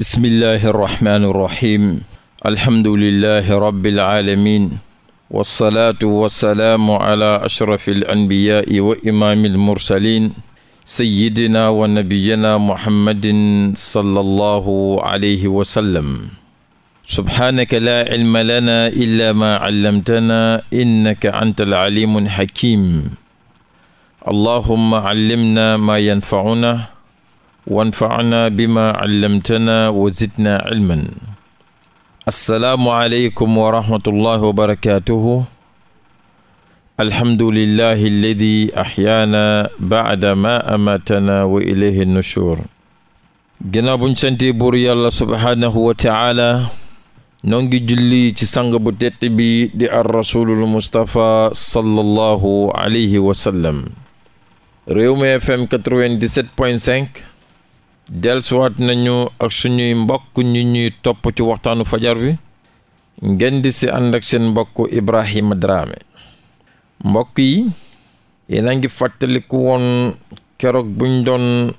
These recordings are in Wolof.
bismillahi irrahmani irrahim alhamdulilahi rabbil aalamin walsalaatu wassalaamu ala ashrafi alanbiyaai wa imaami almursalin sayidina wa nabiyina muhammadin sallallahu alayhi wa sallam subhaanaka laa cilma lana illa maa callamtana innaka anta alcalimu alxakim allahumma callimna maa yanfacuna wanfaanaa bimaa allamtanaa wa zidnaa ilman assalaamu aleykum wa rahmatullahi wa barakatuhu alhamdulillahi alladi axyaana baada ma amatana wa ilayhi nushur ginnaaw buñ santee buur yàlla subhaanahu wa taala noo ngi julli ci sang bu tett bi di ar rasulul mustapha sallallahu alayhi wa sallam réew mi fm 97.5 dellusiwaat nañu ak suñuy mbokk ñu ñuy topp ci waxtaanu fajar bi ngeen di si ànd ak seen mbokk Ibrahima Dramé mbokk yi yéen a ngi fàttaliku woon keroog buñ doon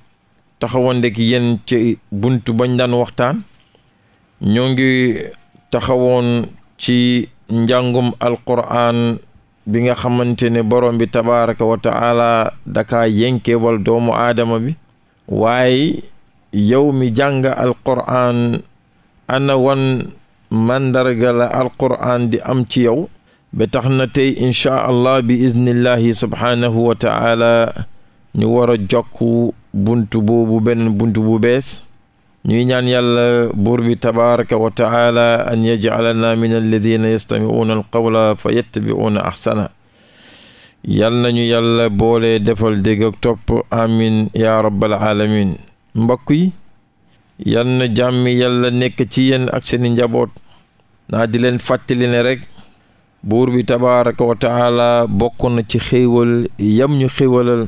taxawandek yéen ci buntu bañ daan waxtaan ñoo ngi taxawoon ci njàngum alquran bi nga xamante ne borom bi tabaraka wa daka dakaa yénkeewal doomu aadama bi waaye yow mi jàng alqur'aan ana wan màndarga la alqur'aan di am ci yow ba tax na tey inchaa allah bi iznillahi subhaanahu wa taala ñu wara a jokk buntu boobu beneen buntu bu bees ñuy ñaan yàlla buur bi tabaraka wa taala an yajcalana min alladina yastamicuuna alqawla fa yattabicuuna axsana yal nañu yàlla boole defal dégg ak topp amin ya rabbal alamin mbokk yi yal na jàmmi yàlla nekk ci yenn ak seeni njaboot naa di leen fàttali ne rek buur bi tabaraka wa taala bokk na ci xéewal yam ñu xéewalal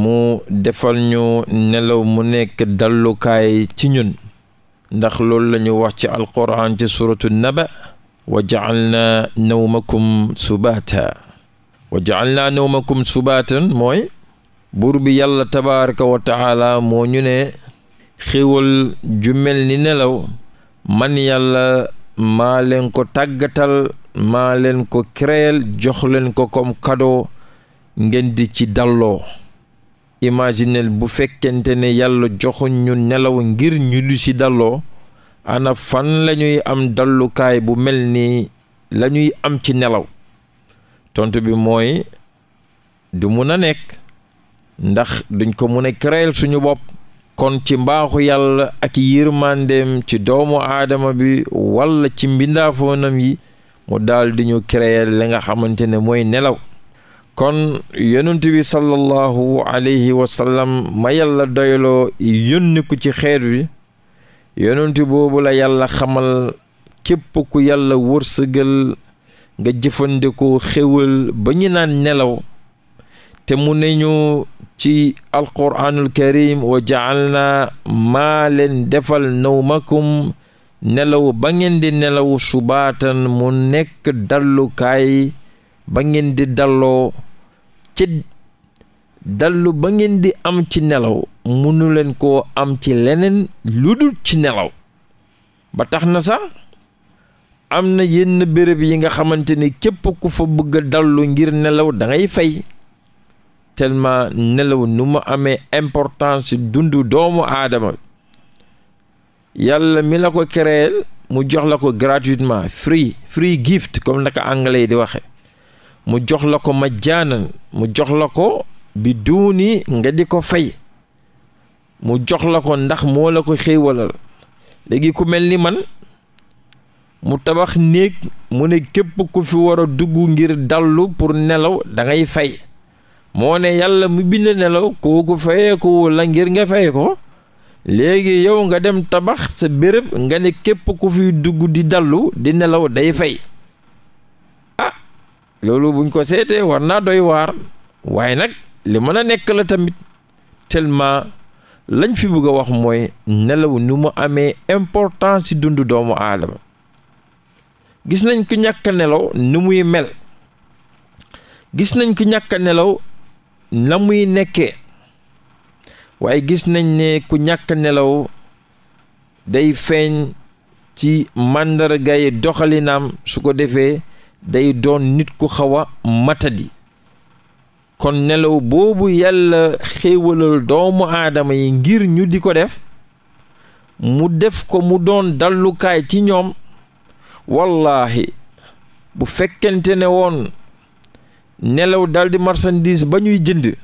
mu defal ñu nelaw mu nekk dallukaay ci ñun ndax loolu lañu wax ci alquran ci suratu naba wa na ja'alna nawmakum subata wa ja'alna nawmakum subatan mooy buur bi yàlla tabaaraka moo ñu ne xéwal ju mel ni nelaw man yàlla maa leen ko tàggatal maa leen ko créel jox leen ko kom cadeau ngeen di ci dalloo imaginel bu fekkente ne yàlla joxuñ nelaw ngir ñu du ci dalloo ana fan lañuy am dallukaay bu mel ni lañuy am ci nelaw tontu bi mooy du mun a nekk ndax duñ ko mun a créer suñu bopp kon ci mbaaxu yàlla ak yërmandeem ci doomu aadama bi walla ci mbindaafoonam yi mu daal di ñu créer li nga xamante ne mooy nelaw kon yonent bi sallallahu alayhi wa sallam ma yàlla doyloo yónni ko ci xeet wi yonent boobu la yàlla xamal képp ku yàlla wërsëgal nga jëfandikoo xéwal ba ñu naan nelaw te mu ne ñu ci alquraanul karim wa jaalna maa leen defal nawmakum nelaw ba ngeen di nelaw subaatan mu nekk dallukaay ba ngeen di dalloo ci dallu ba ngeen di am ci nelaw munu leen koo am ci leneen lu dul ci nelaw ba tax na sax am na yenn béréb yi nga xamante ni képp ku fa bëgg dallu ngir nelaw dangay fay tellement nelaw nu mu amee importance dundu doomu aadama yàlla mi la ko créel mu jox la ko gratuitement free free gift ko naka anglais di waxe mu jox la ko majjaanan mu jox la ko bi duuni nga di ko fay mu jox la ko ndax moo la ko xéewalal léegi ku mel ni man mu tabax néeg mu ne képp ko fi war a dugg ngir dallu pour nelaw dangay ngay fay moo ne yàlla mu bind nelaw kooku fayeeku la ngir nga fay ko léegi yow nga dem tabax sa béréb nga ne képp ku fi dugg di dallu di nelaw day fay ah loolu buñ ko seetee war naa doy waar waaye nag li mën a nekk la tamit tellement lañ fi bëgg a wax mooy nelaw ni mu amee important si dundu doomu aadama gis nañ ku ñàkk nelaw ni muy mel gis nañ ku ñàkk nelaw na muy nekkee waaye gis nañ ne ku ñàkk nelaw day feeñ ci màndargay doxalinaam su ko defee day doon nit ku xaw a matadi kon nelaw boobu yàlla xéewalal doomu aadama yi ngir ñu di ko def mu def ko mu doon dallukaay ci ñoom wallaahi bu fekkente ne woon nelaw daldi marsandiis ba ñuy jënd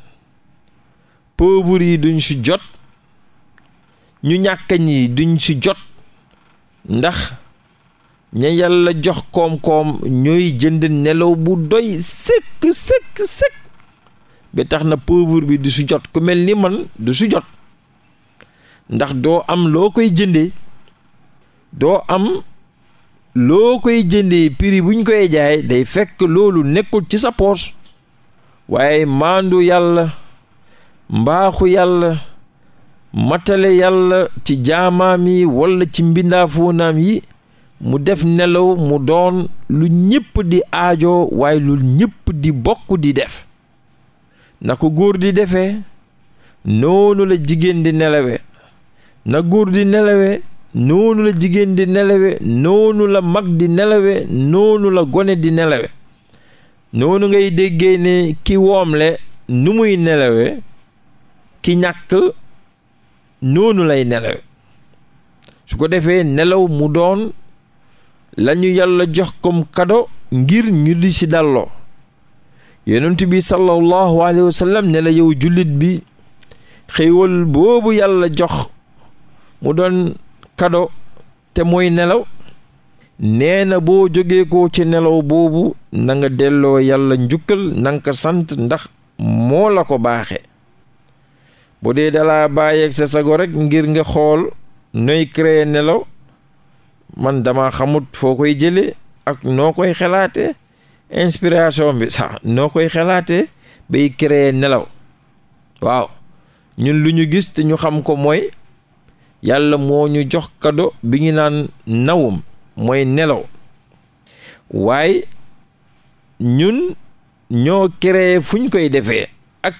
pauvre yi duñ si jot ñu ñàkkañ yi duñ si jot ndax ña yàlla jox koom-koom ñooy jënd nelaw bu doy sëkk sëkk sëkk ba tax na pauvre bi du si jot ku mel ni man du si jot ndax doo am loo koy jënde doo am loo koy jëndee prix bu ñu koy jaay day fekk loolu nekkul ci sa poos waaye maandu yàlla mbaaxu yàlla matale yàlla ci jaamaam yi walla ci mbindaafuunaam yi mu def nelaw mu doon lu ñëpp di aajo waaye lu ñëpp di bokk di def na ko góor di defe noonu la jigéen di nelawe na góor di nelawe noonu la jigéen di nelawe noonu la mag di nelawe noonu la gone di nelawe noonu ngay déggee ne ki woomle nu muy nelawe ki ñàkk noonu lay nelawe su ko defee nelaw mu doon lañu yàlla jox comme kado ngir ñu di ci dalloo yonent bi sallallahu alayhi wa ne la yow jullit bi xéewal boobu yàlla jox mu doon kado te mooy nelaw nee na boo jógee ko ci nelaw boobu na delloo yalla njukkal na sant ndax moo la ko baaxee bu dee dalaa bàyyeeg sa sago rek ngir nga xool noy créer nelaw man dama xamut foo koy jëlee ak noo koy xalaatee inspiration bi sax noo koy xalaatee bay créer nelaw waaw ñun lu ñu gis te ñu xam ko mooy yàlla moo ñu jox kado bi ñu naan nawum mooy nelaw waaye ñun ñoo créé fu ñu koy defee ak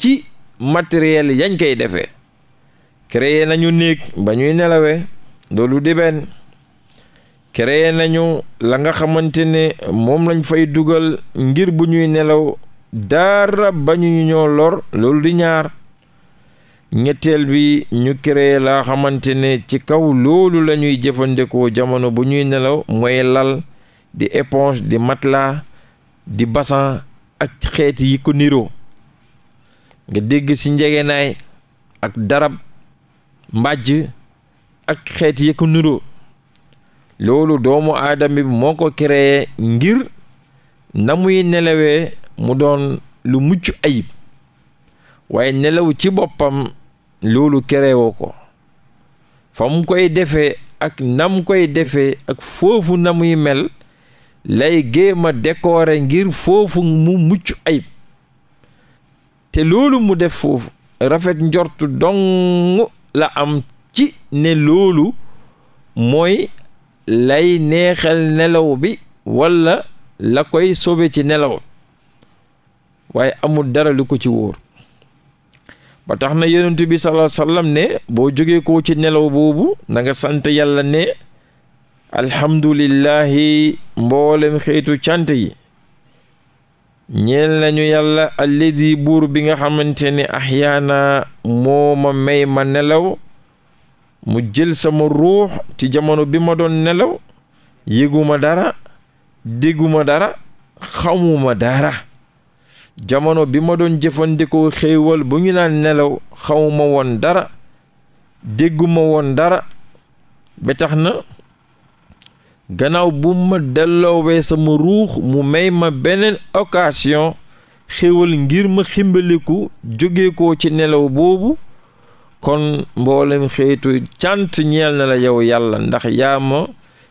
ci matériel yañ koy defee créé nañu néeg ba ñuy nelawee loolu di benn créé nañu la nga xamante ne moom lañ fay dugal ngir bu ñuy nelaw dara ba ñu ñoo lor loolu di ñaar ñetteel bi ñu créé laa xamante ne ci kaw loolu lañuy jëfandikoo jamono bu ñuy nelaw mooy lal di éponge di matelas di basan ak xeeti yi ko nga dégg ci njegenaay ak darab mbàjj ak xeeti yi ko loolu doomu aadama bi moo ko créé ngir na muy nelawee mu doon lu mucc ayib waaye nelaw ci boppam loolu kerewo ko fa koy defee ak nam koy defee ak foofu na mel lay géema décorer ngir foofu mu mucc ayib te loolu mu def foofu rafet njortu dong la am ci ne loolu mooy lay neexal nelaw bi walla la koy sobe ci nelaw waaye amul dara lu ko ci wóor ba tax na yonent bi sallallahu alayhi ne boo jógee koo ci nelaw boobu na nga sant yàlla ne alhamdulillahi mboolem xeetu cant yi ñeel nañu yàlla alladi buur bi nga xamante ne ahyaana moo ma may ma nelaw mu jël sama ruux ci jamono bi ma doon nelaw ma dara dégguma dara xamuma dara jamono bi ma doon jëfandikoo xéewal bu ñu naan nelaw xawma woon dara dégguma woon dara ba na gannaaw bu ma delloowee sama ruux mu may ma beneen occasion xéewal ngir ma ximbaliku jóge ko ci nelaw boobu kon mboolem xeetu cant ñeel na la yow yàlla ndax yaa ma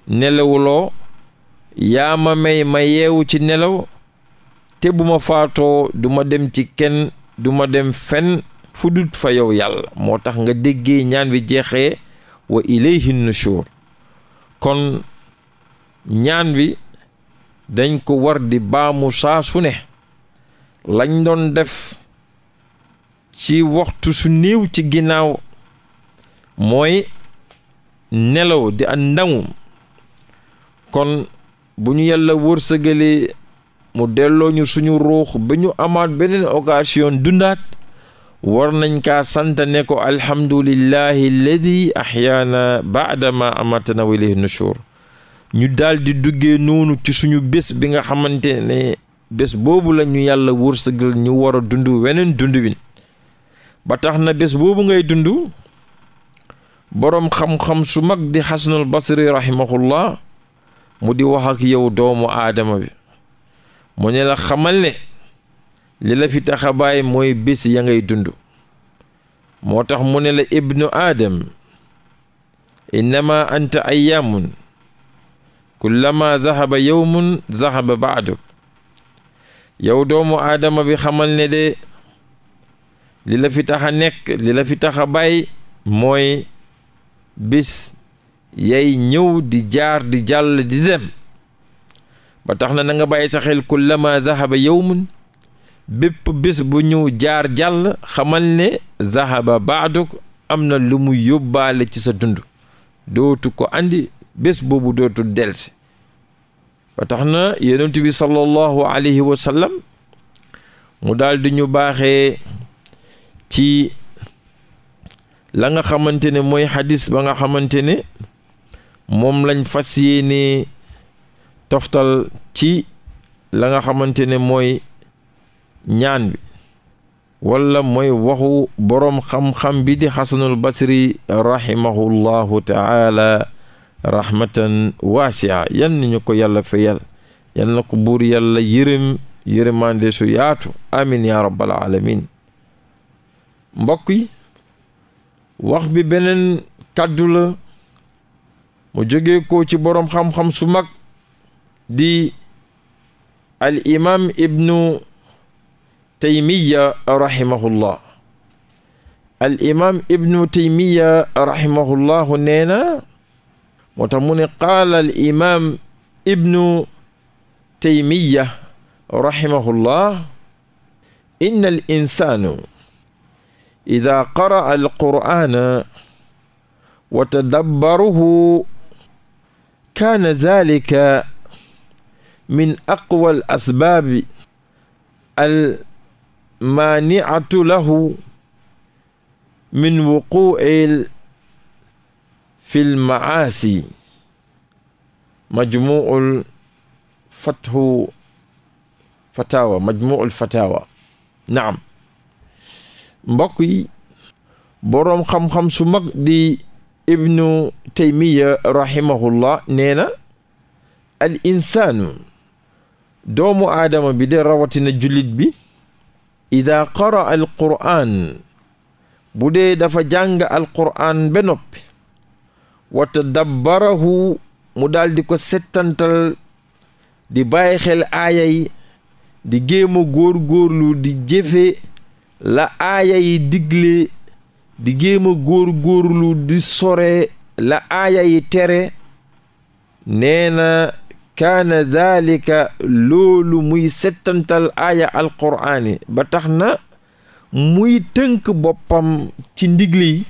nelawuloo yaa ma may ma yeewu ci nelaw te bu ma faatoo duma dem ci kenn duma dem fenn fu dut fa yow yàlla moo tax nga déggee ñaan wi jeexee wa ilayhi nushur kon ñaan wi dañ ko wardi baamu saa su ne lañ doon def ci waxtu su niiw ci ginnaaw mooy nelaw di andamu kon bu ñu yàlla wërsëgalee mu delloo ñu suñu ruux ba ñu amaat beneen occasion dundaat war nañ kaa sant ne ko alhamdulillahi alladi ahyaana baadama amatana wa ilayhi nushur ñu daldi duggee noonu ci suñu bés bi nga xamante ne bés boobu la ñu yàlla wërsëgal ñu war a dund weneen dund ba tax na bés boobu ngay dund boroom xam-xam su mag di xasanul basri rahimahullah mu di wax ak yow doomu aadama bi mu ne la xamal ne li la fi tax a mooy bés ya ngay dund moo tax mu ne la ibnu aadam innama anta ayyaamun kullama zahaba yowmun zahaba baaduk yow doomu aadama wi xamal ne de li la fi tax a nekk li la fi mooy bis yay ñëw di jaar di jàll di dem ba tax na na nga bàyyi sa xel kullama zahaba yawmun bépp bés bu ñu jaar jàll xamal ne zahaba baaduk am na lu mu yóbbaale ci sa dund dootu ko andi bés boobu dootu delsi ba tax na yonent bi sallallahu alayhi wa mu daal di ñu baaxe ci la nga xamante ne mooy xadis ba nga xamante ne moom lañ fas yéene toftal ci la nga xamante ne mooy ñaan bi walla mooy waxu boroom xam-xam bi di xasanul basri rahimahullahu taala rahmatan waasia yan nañu ko yàlla fayal yan na ko buur yalla yërëm yërëmande su yaatu amin ya rabbal alamin mbokk yi wax bi beneen kàddu la mu jóge ko ci boroom xam-xam su mag di al imam ibnu taymiya rahimahullah al imam ibnu taymiya rahimahullahu nee na moo tax mu ne qaala al imam ibnu taymiya rahimahullah inna al insaanu ida qaraa al qur'aana wa tadabbaruhu kaana zaalika min aqwa al asbaabi al maaniatu lahu min wuquuci fi l macaasi majmuul fathu fatawa majmuul fatawa naam mbokk yi boroom xam-xam su mag di ibnu taymiya rahimahullah nee na al insaanu doomu aadama bi de rawatina julit bi ida qara al bu dee dafa jàng al quraan ba noppi wa tadabbarahu mu daldi ko settantal di bàyyi xel di géem a góor-góorlu di jëfe la aaya digle di géem a góor-góorlu di sore la aaya tere nee kaana daalika loolu muy settantal aaya alqur'aani ba tax na muy tënk boppam ci ndigli yi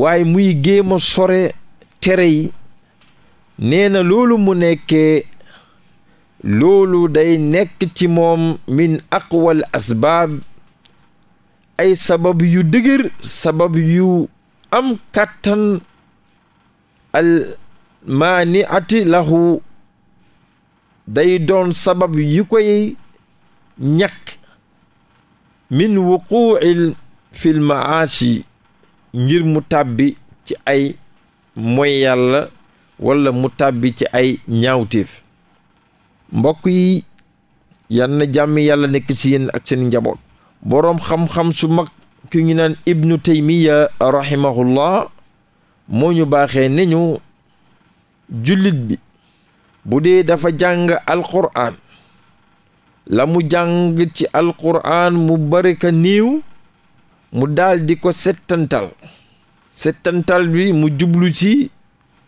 waaye muy géema sore tere yi nee na loolu mu nekkee loolu day nekk ci moom min aqwal asbaab ay sabab yu dëgër sabab yu am kàttan al maaniati lahu day doon sabab yu koy ñàkk min wuquil fil maashi ngir mu tàbbi ci ay moy yàlla walla mu tàbbi ci ay ñaawteef mbokk yi yal na jàmm yàlla nekk ci yéen ak seen njaboot boroom xam-xam su mag ki ñu naan ibnu taymiya rahimahullah moo ñu baaxee ne ñu jullit bi bu dee dafa jàng alqur'aan la mu jàng ci alqur'aan mu bari ka niiw mu daldi ko settantal settantal bi mu jublu ci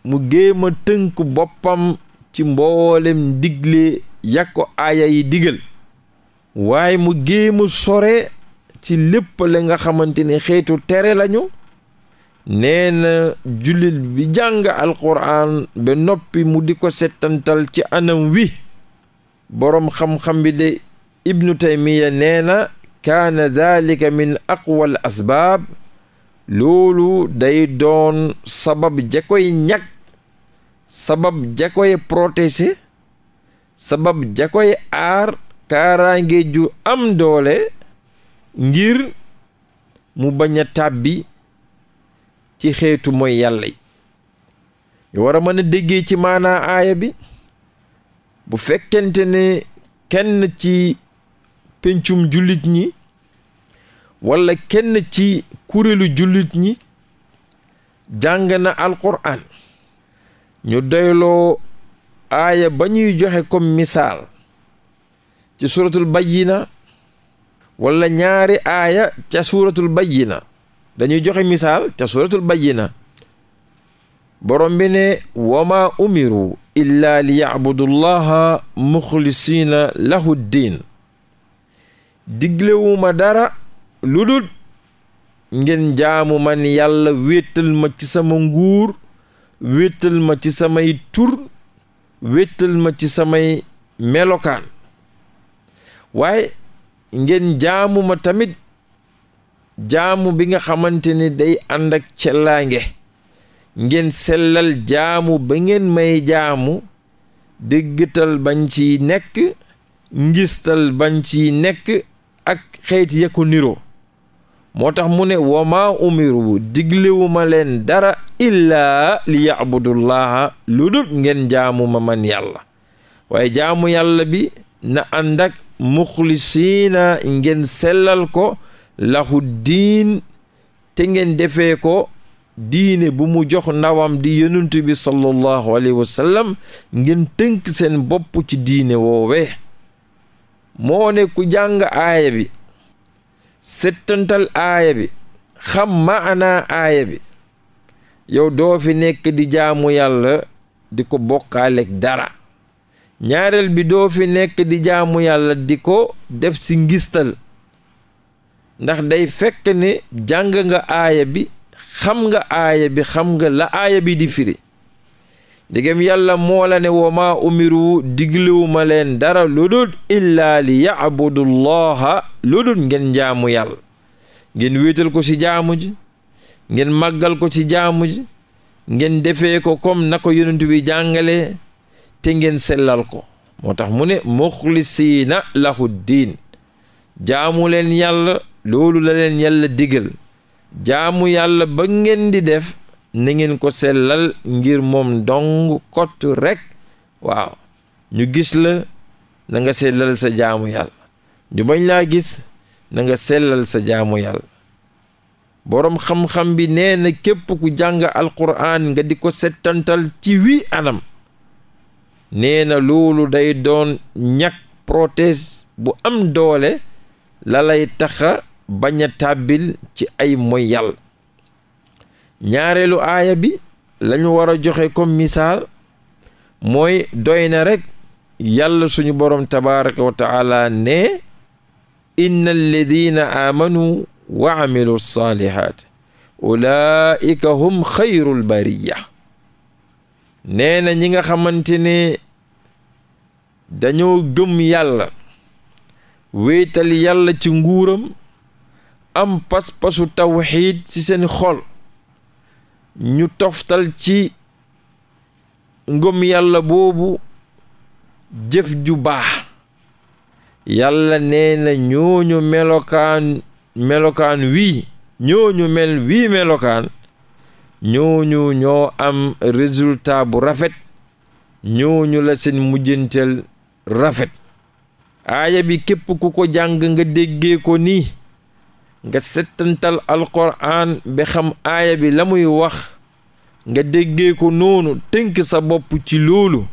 mu géem a tënk boppam ci mboolem digle yàkko aaya yi digal waaye mu géema sore ci lépp la nga xamante ne xeetu tere lañu nee na jullit bi jàng alquran ba noppi mu di ko settantal ci anam wi boroom xam-xam bi de ibnu taymiya nee na kaana dalika min aqwal asbaab loolu day doon sabab jakoy ñag sabab jakoy protéger sabab jakoy aar kaaraange ju am doole ngir mu bañ a tàbbi ci xeetu mooy yàlla yi ñu war a mën a déggee ci maanaa aaya bi bu fekkente ne kenn ci pencum jullit ñi walla kenn ci kuréelu jullit ñi jàng na alquran ñu dayloo aaya ba ñuy joxe comme misaal ci suratul bayyina walla ñaari aaya ca suuratul bayyina dañuy joxe misaal ca suratul bayyina borom bi ne wama umiru illa li yacbudullaha muxlisina lahu diin diglewuma dara lu dul ngeen jaamu man yàlla wéetal ma ci sama nguur wéetal ma ci samay tur wéetal ma ci samay melokaan waaye ngeen jaamu tamit jaamu bi nga xamante ni day ànd ak cellaange ngeen sellal jaamu ba ngeen may jaamu déggatal bañ ciy nekk ngistal bañ ciy nekk ak xeet ya ko moo tax mu ne wamaa umiru diglewu ma leen dara illaa li yaabudullaha lu dul ngeen jaamu ma man yàlla waaye jaamu yàlla bi na ànd ak ngeen sellal ko lahu diin te ngeen defee ko diine bu mu jox ndawam di yonent bi sallallahu alayhi wa sallam ngeen tënk seen bopp ci diine woowee moone ku jàng aaya bi settantal aaya bi xam maanaa aaya bi yow doo fi nekk di jaamu yàlla di ko bokkaaleeg dara ñaareel bi doo nekk di jaamu yàlla di ko def si ngistal ndax day fekk ne jàng nga aaya bi xam nga aaya bi xam nga la aaya bi di firi digam yàlla moolane la ne wa maa umiru diglewu leen dara lu dul illaa li yaabudullaha ngeen jaamu yàlla ngeen wéetal ko ci jaamu ngeen màggal ko ci jaamu ngeen defee ko comme na ko yonent bi jàngalee te ngeen sellal ko moo tax mu ne muxlisiina lahu diin jaamu leen loolu la leen yàlla digal jaamu yàlla ba ngeen di def na ngeen ko sellal ngir moom dong kot rekk waaw ñu gis la nanga nga sellal sa jaamu yàlla ñu bañ laa gis nanga nga sellal sa jaamu yàlla boroom xam-xam bi nee na képp ku jàng alquran nga di ko settantal ci wi anam nee na loolu day doon ñakk protège bu am doole la lay taxa bañ a ci ay moy yàlla ñaareelu aaya bi lañu war a joxe comme misaal mooy doy na rekk yàlla suñu boroom tabaraka wa taala ne inna alladina aamanu wa amilu saalihaat ulaika hum xayrul bariya nee na ñi nga xamante ne dañoo gëm yàlla wéetal yàlla ci nguuram am pas-pasu tawxiid ci seen xol ñu toftal ci ngoom yàlla boobu jëf ju baax yàlla nee na ñooñu melokaan melokaan wii ñooñu mel wii melokaan ñooñu ñoo am résultat bu rafet ñooñu la seen mujjanteel rafet aaya bi képp ku ko jàng nga déggee ko nii nga settantal alquran ba xam aaya bi lamuy wax nga déggee ko noonu tënk sa bopp ci loolu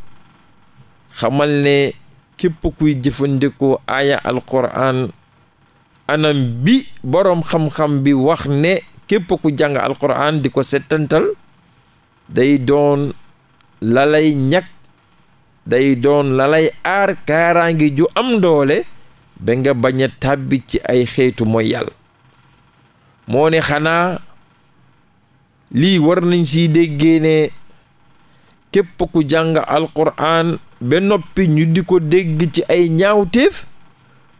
xamal ne képp kuy jëfandikoo aaya alquran anam bi boroom xam-xam bi wax ne képp ku jàng alquran di ko settantal day doon lalay ñag day doon lalay aar kaaraangi ju am doole ba nga bañ a ci ay xeetu moyal moone xanaa lii war nañ ci déggee ne képp ku jàng alquran ba noppi ñu di ko dégg ci ay ñaawteef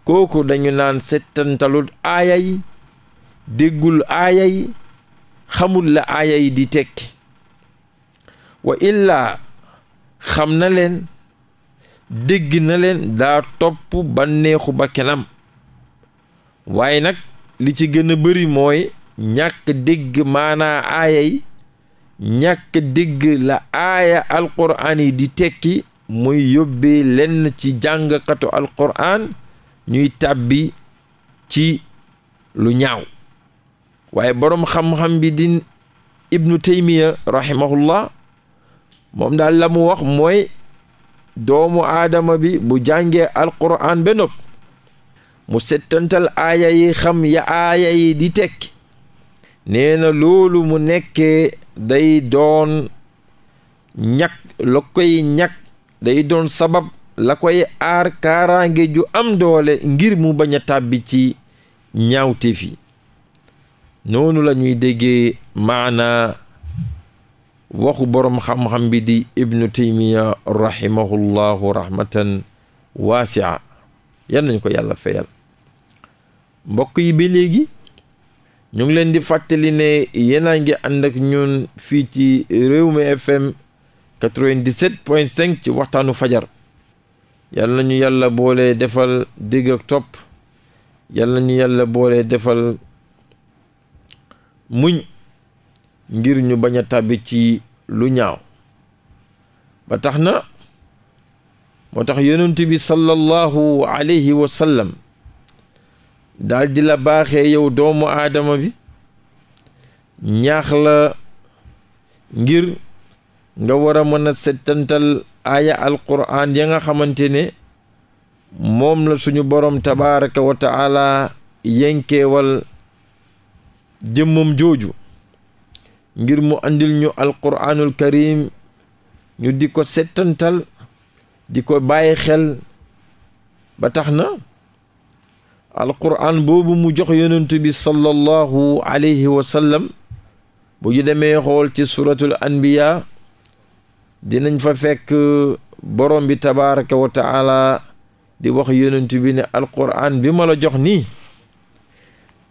kooku dañu naan settantalul aaya yi déggul aaya xamul la aaya yi di tekki wa illaa xam na dégg na leen daa topp banneexu ba kenam waaye nag li ci gën a bëri mooy ñàkk dégg maanaa aaya yi ñàkk dégg la aaya alquraan yi di tekki muy yóbbee lenn ci jàngkatu alquraan ñuy tàbbi ci lu ñaw waaye boroom xam-xam bi di ibnu taymiya rahimahullah moom daal la mu wax mooy doomu aadama bi bu jàngee alquraan ba mu settantal aaya xam ya aaya yi di tekki nee loolu mu nekkee day doon ñag la koy day doon sabab la aar kaaraange ju am doole ngir mu bañ a tàbbi ci ñaawte fi noonu la ñuy déggee maana waxu boroom xam-xam bi di ibnu taymiya rahimahullahu rahmatan waasia yan nañ ko yàlla fayal mbokk yi ba léegi ñu ngi leen di fàttali ne yéen a ngi ànd ak ñun fii ci Rewmi FM 97.5 ci waxtaanu fajar yal na ñu yàlla boole defal dégg topp yal na ñu yàlla boole defal muñ ngir ñu bañ a tàbbi ci lu ñaaw ba tax na moo tax yonent bi sallallahu alayhi wa sallam daldi la baaxe yow doomu aadama bi ñaax la ngir nga war a mën a settantal aaya alquraan ya nga xamante ne moom la suñu borom tabaraka wa taala yenkeewal jëmmam jooju ngir mu andil ñu alquraanul karim ñu di ko settantal di ko bàyyi xel ba tax na alquran boobu mu jox yonent bi sallallahu alayhi wa bu ñu demee xool ci suratul anbiya dinañ fa fekk borom bi tabaraka wa taala di wax yonent bi ne alquran bi ma jox nii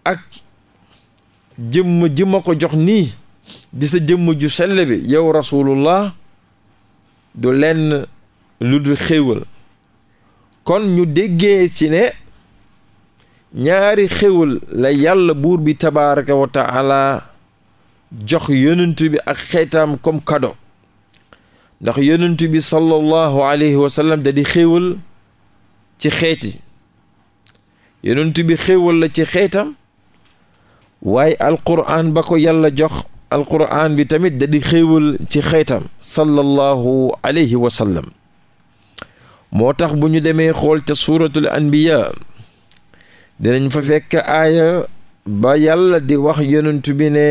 ak jëmm ji ko jox nii di sa jëmm ju sell bi yow rasulullah du lenn lu du xéewal kon ñu déggee ci ne ñaari xéwal la yàlla buur bi tabaraka wa taala jox yonent bi ak xeetam kom kado ndax yonent bi sallallahu alayhi wa sallam ci xeeti yonent bi xéwal la ci xeetam waaye alquran ba ko yàlla jox alquran bi tamit da di xéwal ci xeetam sallallahu alayhi wa moo tax bu ñu demee xool ca suuratul anbiya dinañ fa fekk aaya ba yàlla di wax yonent bi ne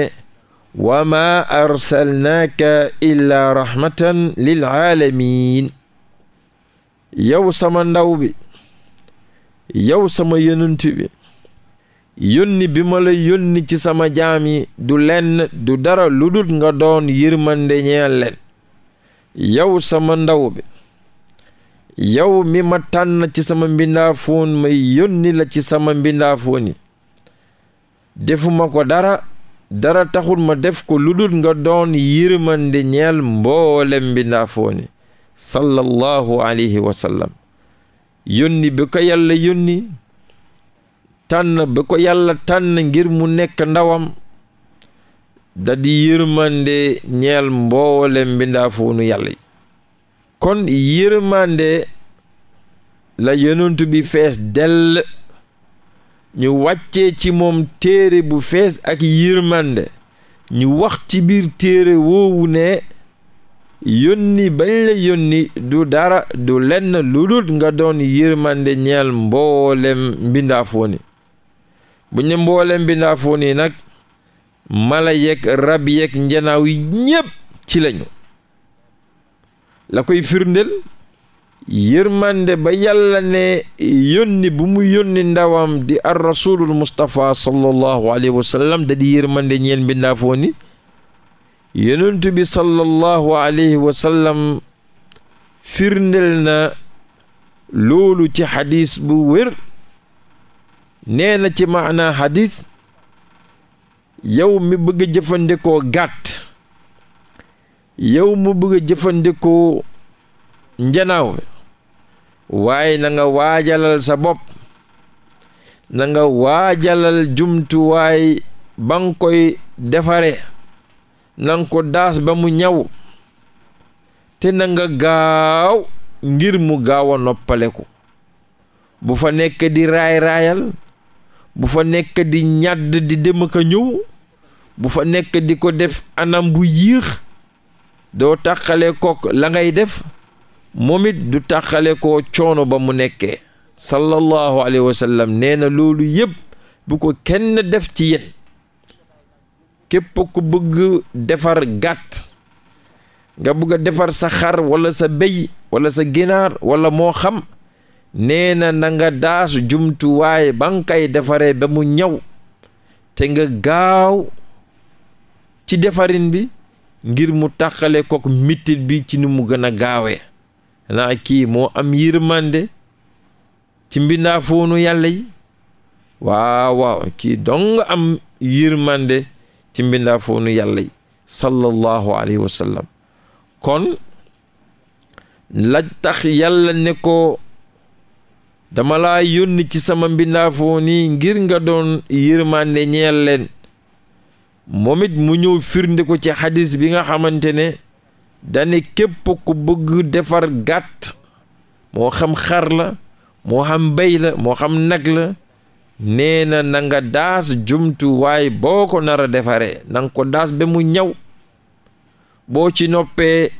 wa maa arsalnaaka illaa rahmatan lil aalamiin yow sama ndaw bi yow sama yonent bi yónni bi ci sama jaam yi du lenn du dara lu dul nga doon yërmande ñeel leen yow sama ndaw bi yow mi ma tànn ci sama mbindaafoon ma yónni la ci sama mbindaafoon yi defuma ko dara dara taxul ma def ko lu nga doon yërmande ñeel mboolem mbindaafoon yi sallallahu alayhi wa sallam yónni bi ko yàlla yónni tànn bi ko yàlla tànn ngir mu nekk ndawam da di yërmande ñeel mboolem mbindaafoonu yàlla kon yërmande la yonent bi fees dell ñu wàccee ci moom téere bu fees ak yërmande ñu wax ci biir téere woowu ne yónni bañ la yónni du dara du lenn lu nga doon yërmande ñeel mboolem mbindaafooni bu ñu mboolem mbindaafooni nag mala yeeg rab yeeg njanaaw yi ñépp ci lañu la koy firndel yërmande ba yàlla ne yónni bu mu yónni ndawam di ar rasulul mustapha sallallahu alayhi wa da di yërmande ñeen bi ndaafoo ni yonentu sallallahu alayhi wa sallam na loolu ci xadis bu wér nee na ci maanaa xadis yow mi bëgg jëfandikoo gàtt yow mu bëgg jëfandikoo njanaaw waaye na nga waajalal sa bopp na waajalal jumtuwaay ba nga koy defare na ko daas ba mu ñaw te na nga gaaw ngir mu gaawa a noppaleku bu fa nekk di raay-raayal bu fa nekk di ñàdd di dem ak a bu fa nekk di ko def anam bu yéex doo tàqale kook la ngay def moom it du tàqale koo coono ba mu nekkee sallallahu alayhi wa sallam nee na loolu yépp bu ko kenn def ci yéen képp ko bëgg defar gàtt nga bëgg a defar sa xar walla sa bey wala sa ginaar wala moo xam nee na na nga daas jumtuwaay ba koy defaree ba mu ñaw te nga gaaw ci defarin bi ngir mu tàqale kook mitit bi ci ni mu gën a gaawee naa kii moo am yërmande ci mbindaafoonu yàlla yi waaw waaw kii dong am yërmande ci mbindaafoonu yàlla yi sallallahu alayhi wa sallam kon la tax yàlla ko dama yónni ci sama mbindaafoon yi ngir nga doon yërmande ñeel leen moom it mu ñëw firnde ko ci xadis bi nga xamante ne dane képp ko bëgg defar gàtt moo xam xar la moo xam béy la moo xam nag la nee na na daas jumtuwaay boo ko nar a defaree na ko daas ba mu ñaw boo ci noppee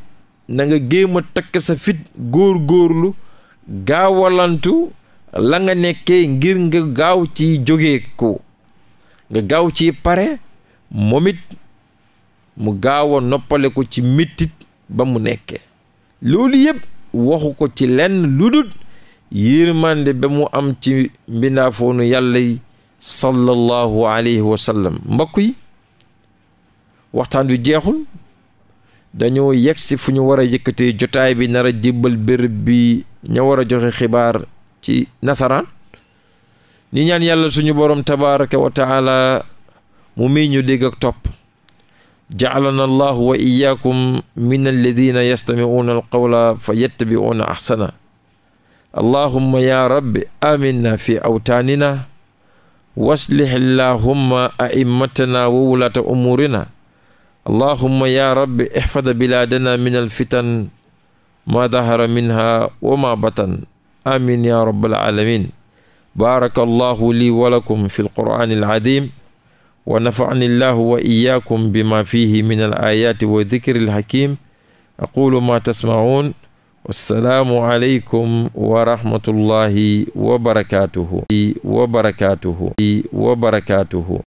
na nga géem a takk sa fit góor-góorlu gaawalantu la nga nekkee ngir nga gaaw ci jóge ko nga gaaw ci pare moom it mu gaaw noppale ko ci mettit ba mu nekke loolu yépp waxu ko ci lenn lu dul yërmande ba mu am ci mbindaafoonu yàlla yi sallallahu alayhi wa sallam mbokk yi waxtaan wi jeexul dañoo yegsi fu ñu war a yëkkatee jotaay bi nar a jébbal bërëb bi ña war a joxe xibaar ci nasaraan ni ñaan yàlla suñu borom tabaraka wa taala mu may ñu dégg ak topp jaalana allahu wa iyaakum min alladina yastamiuuna alqawla fa yattabiuuna ahsana allahumma ya rabbi aminna fi awtaanina waslih allahumma a'immatana wa wulaata umuurina allahumma ya rabbi ihfad bilaadana min alfitan ma dahara minha wa ma batan amin ya rabbal alamin baaraka allahu lii wa lakum fi alqur'aani alcadiim wa nafani illahu wa iyaakum bima fihi min al ayaati wa dikri al hakim aqulu ma tasmaun wassalaamu aleykum wa rahmatullahi wa barakatuhu wa barakatuhu wa barakatuhu